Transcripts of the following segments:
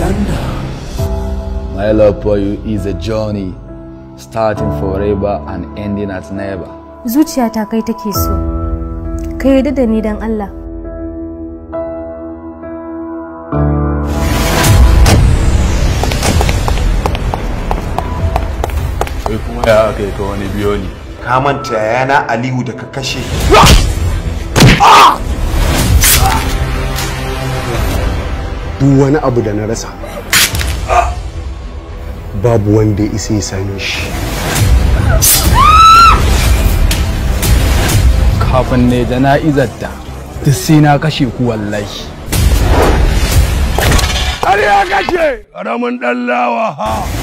Alexander. My love for you is a journey starting forever and ending at never. Zuciyata kai take so. Ka yarda da ni dan Allah. Kai kuma ya kai ka wani biyo ne. Ka manta yana Aliyu da ka kashe. duk wani abu da na rasa babu wanda ya isa ya same shi kafin ne da na izarta duk sai na kashe ku wallahi har ya kashe ƙaramin ɗan lawa ha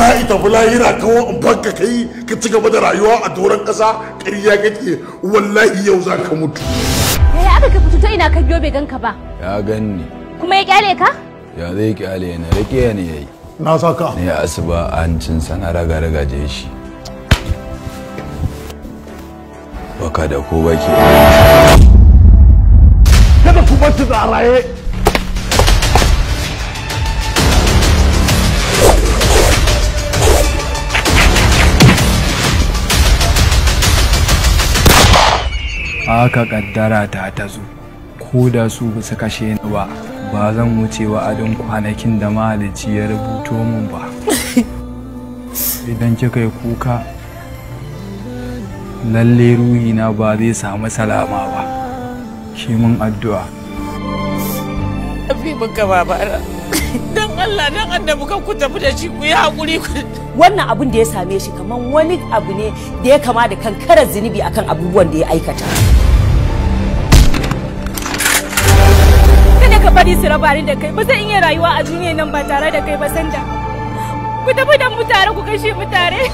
na ita fula yana kawo in fanka kai ka ci gaba da rayuwa a doron ƙasa ƙarya kake wallahi yau za ka mutu yaya aka ka fito ta ina ka biyo bai ganka ba ya ganni kuma ya kyale ka ya zai kyale na rike ne yayi na saka ne asuba an cin sana raga raga je shi baka da ko baki. kada ku bar ta raye aka kaddara ta ta zo ko da su ba su kashe ni ba ba zan wuce wa'adin kwanakin da mahalicci ya rubuto min ba idan kika yi kuka lalle ruhina ba zai samu salama ba shi mun addu'a tafi baka babara don Allah don annabi kan ku tafi da shi ku yi hakuri wannan abin da ya same shi kamar wani abu ne da ya kama da kankarar zunubi akan abubuwan da ya aikata haƙuri su raba ni da kai ba zan iya rayuwa a duniyar nan ba tare da kai ba sanda ku tafi da mu tare ku kashe mu tare